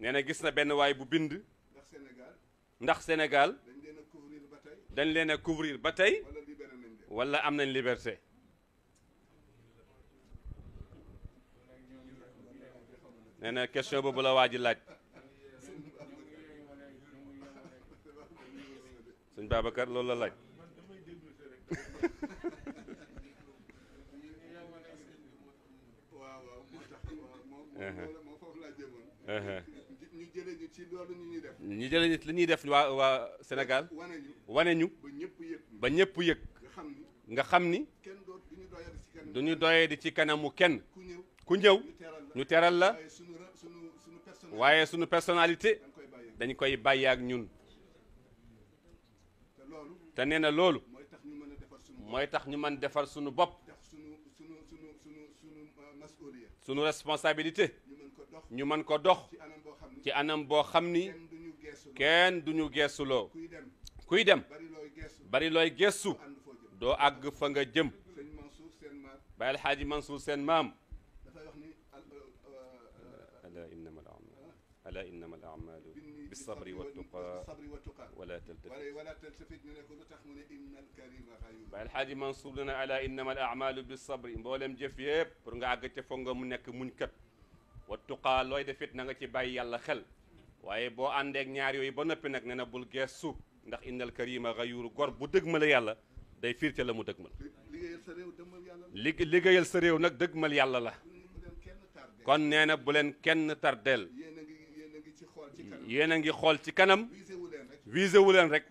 nee gis na ben way bu bind. ndax Sénégal. ndax Sénégal. dañ leena couvrir batay wala amnañ liberté. nee question bobu la waji laaj. sëñ Babacar lolou la laaj. ñu jëlee ñu ci ñu ñuy def. ñu li ñuy def waa waa Sénégal. wane ñu wane ñu. ba ñëpp yëg nga xam ni kenn doot du ñu doyee di ci kanamu. du kenn. ku ñëw ku ñëw ñu teral la. waaye suñu personalité dañ koy bàyyi ak ñun. te nee na loolu. mooy tax ñu mën defar suñu bopp. sunu responsabilité ñu mën ko dox ci anam bo xamni kèn kenn duñu geesuloo kuy dem bari loy gessu do ag fa nga jëm bayal haji Mansour sen mam ala innama al a'malu ala innama al a'malu bis sabri wat tuqa wala taltafit بل حادي Hadji Mansour dana ala innama al amalu bi sabri mboolem nga ag ci foog nga mu nek muñ kat wa tuqaa looy defit nga ci baye yàlla xel bo ande ak ñaar yoy ba nopi nak ne bul geestu ndax innal karima ghayur gor bu dëgmal yàlla day firte lamu la ligeyal sa rew nag dëgmal yàlla la kon neena bu len kenn tardel yeena ngi xol ci kanam visé wu rek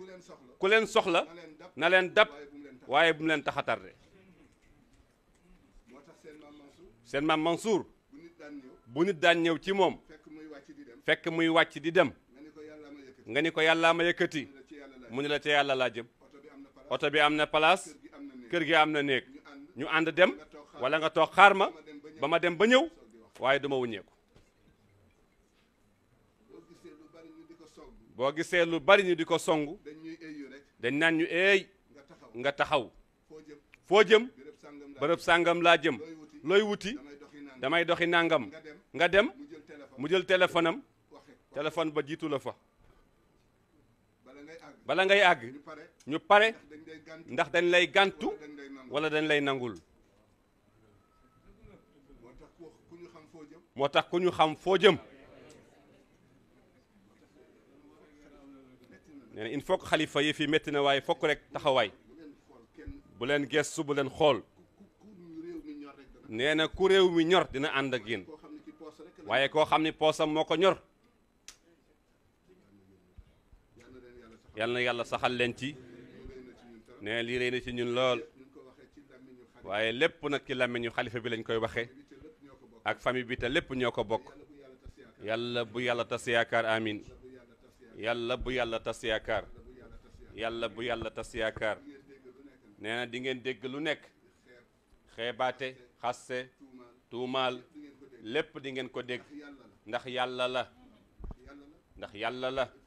ku len soxla na len dab waye bu mu motax sen mam mansour sen mam Mansour bu nit daan ñew ci mom fekk muy wacc di dem nga ni ko yalla ma yëkkati mu ni la ci yalla la jëm auto bi amna place kër gi amna neek ñu and dem wala nga tok xaar ma ba ma dem ba ñew waye duma wuñeku bo gisé lu bari ñu diko songu dañ ñu nga taxaw foo jëm bërëb sàngam laa jëm looy wuti damay doxi nàngam nga dem mu jël téléphone am téléphone ba jiitu la fa bala ngay àgg ñu pare ndax dañ lay gàntu wala dañ lay nangul moo tax ku ñu xam foo jëm nee na il faut xalifa yi fii metti na waaye fokk rekk taxawaay bu leen gestu bu leen xool nee na ku réew mi ñor dina ànd ak yéen waaye koo xam ni poosam moo ko ñor yal na yàlla saxal leen ci nee lii rëy na ci ñun lool waaye lépp nag ci làmmiñu xalifa bi lañ koy waxe ak famille bi te lépp ñoo ko bokk yàlla bu yàlla tas yaakaar amiin yàlla bu yàlla tas yaakaar yàlla bu yàlla tas yaakaar nee na di ngeen dégg lu nekk xeebaate xaste tuumaal lépp di ngeen ko dégg ndax yàlla la ndax yàlla la